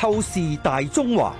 透視大中華，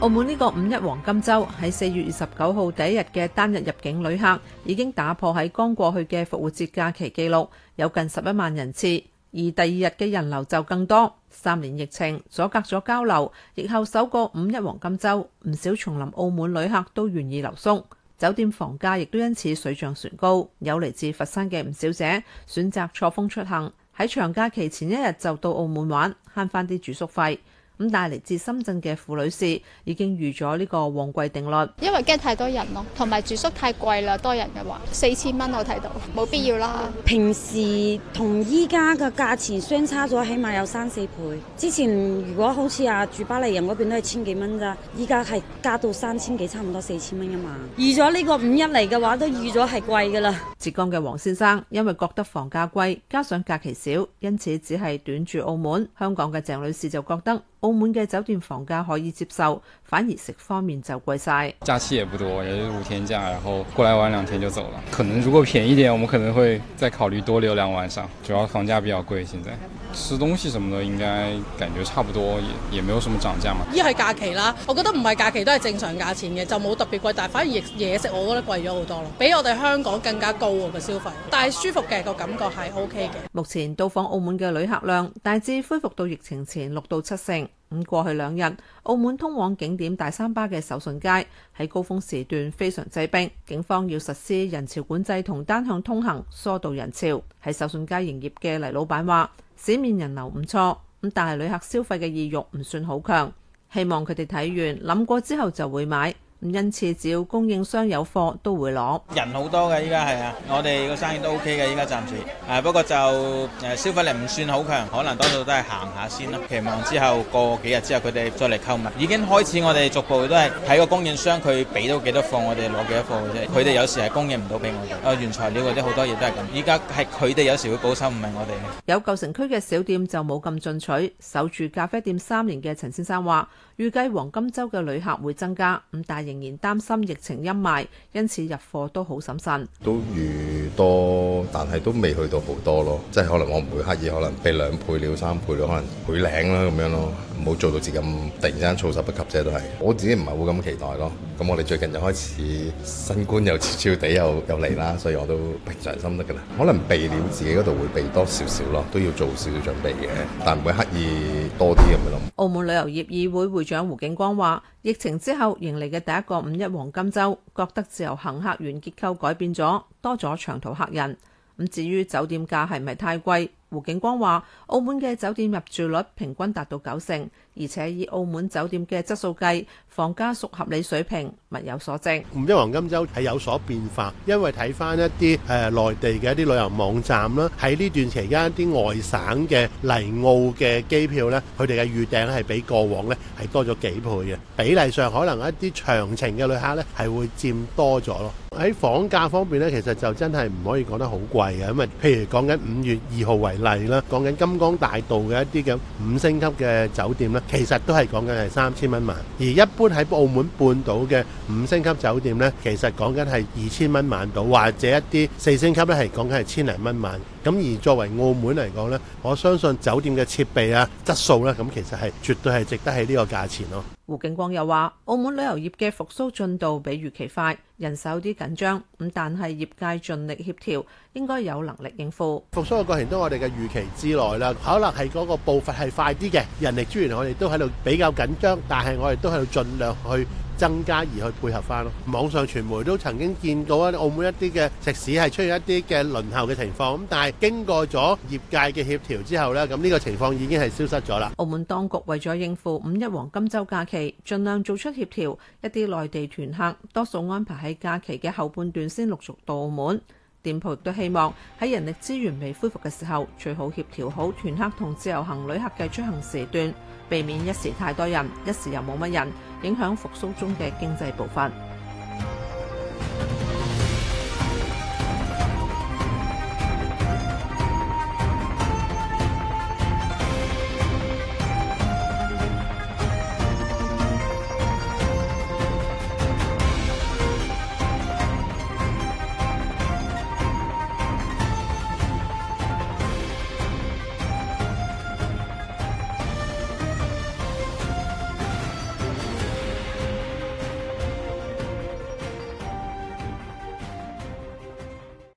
澳門呢個五一黃金周喺四月二十九號第一日嘅單日入境旅客已經打破喺剛過去嘅復活節假期紀錄，有近十一萬人次。而第二日嘅人流就更多。三年疫情阻隔咗交流，疫後首個五一黃金周，唔少重臨澳門旅客都願意留宿，酒店房價亦都因此水漲船高。有嚟自佛山嘅吳小姐選擇錯峰出行。喺長假期前一日就到澳門玩，慳返啲住宿費。咁但係嚟自深圳嘅付女士已經預咗呢個旺季定律，因為驚太多人咯，同埋住宿太貴啦。多人嘅話四千蚊，4，我睇到冇必要啦。平時同依家嘅價錢相差咗，起碼有三四倍。之前如果好似啊住巴黎人嗰邊都係千幾蚊咋，依家係加到三千幾，差唔多四千蚊吖嘛。預咗呢個五一嚟嘅話，都預咗係貴噶啦。浙江嘅王先生因為覺得房價貴，加上假期少，因此只係短住澳門。香港嘅鄭女士就覺得。澳門嘅酒店房價可以接受，反而食方面就貴晒。假期也不多，也就是五天假，然後過來玩兩天就走了。可能如果便宜點，我們可能會再考慮多留兩晚上。主要房價比較貴，現在吃東西什麼的應該感覺差不多，也也沒有什麼漲價嘛。一係假期啦，我覺得唔係假期都係正常價錢嘅，就冇特別貴，但係反而嘢食我覺得貴咗好多咯，比我哋香港更加高個消費。但係舒服嘅個感覺係 OK 嘅。目前到訪澳門嘅旅客量大致恢復到疫情前六到七成。咁過去兩日，澳門通往景點大三巴嘅手信街喺高峰時段非常擠迫，警方要實施人潮管制同單向通行，疏導人潮。喺手信街營業嘅黎老闆話，市面人流唔錯，咁但係旅客消費嘅意欲唔算好強，希望佢哋睇完諗過之後就會買。咁因此，只要供應商有貨都會攞。人好多嘅，依家係啊，我哋個生意都 OK 嘅依家暫時，誒、啊、不過就誒消費力唔算好強，可能多數都係行下先咯。期望之後過幾日之後佢哋再嚟購物。已經開始我哋逐步都係睇個供應商佢俾到幾多貨，我哋攞幾多貨啫。佢哋有時係供應唔到俾我哋啊，原材料嗰啲好多嘢都係咁。依家係佢哋有時會保守唔係我哋。有舊城區嘅小店就冇咁進取，守住咖啡店三年嘅陳先生話預計黃金周嘅旅客會增加。咁大。仍然擔心疫情陰霾，因此入貨都好審慎。都預多，但係都未去到好多咯。即係可能我唔會刻意，可能備兩倍了、三倍了，可能倍領啦咁樣咯，唔好做到自己咁突然之間措手不及啫。都係我自己唔係好咁期待咯。咁我哋最近又開始新冠又悄悄地又又嚟啦，所以我都平常心得噶啦。可能避料自己嗰度會避多少少咯，都要做少少準備嘅，但唔會刻意多啲咁樣諗。澳門旅遊業議會會,會長胡景光話。疫情之後，迎嚟嘅第一個五一黃金週，覺得自由行客源結構改變咗，多咗長途客人。咁至於酒店價係咪太貴？胡景光話，澳門嘅酒店入住率平均達到喺房價方面咧，其實就真係唔可以講得好貴嘅，因為譬如講緊五月二號為例啦，講緊金剛大道嘅一啲嘅五星級嘅酒店咧，其實都係講緊係三千蚊晚；而一般喺澳門半島嘅五星級酒店咧，其實講緊係二千蚊晚到，或者一啲四星級咧，係講緊係千零蚊晚。咁而作為澳門嚟講咧，我相信酒店嘅設備啊、質素咧、啊，咁其實係絕對係值得喺呢個價錢咯、啊。胡景光又話，澳門旅遊業嘅復甦進度比預期快，人手有啲緊張，咁但係業界盡力協調，應該有能力應付復甦嘅過程，都我哋嘅預期之內啦。可能係嗰個步伐係快啲嘅，人力資源我哋都喺度比較緊張，但係我哋都喺度盡量去。增加而去配合翻咯，網上傳媒都曾經見到啊，澳門一啲嘅食肆係出現一啲嘅輪候嘅情況，咁但係經過咗業界嘅協調之後呢，咁呢個情況已經係消失咗啦。澳門當局為咗應付五一黃金週假期，盡量做出協調，一啲內地團客多數安排喺假期嘅後半段先陸續到澳門。店鋪亦都希望喺人力資源未恢復嘅時候，最好協調好團客同自由行旅客嘅出行時段，避免一時太多人，一時又冇乜人，影響復甦中嘅經濟步伐。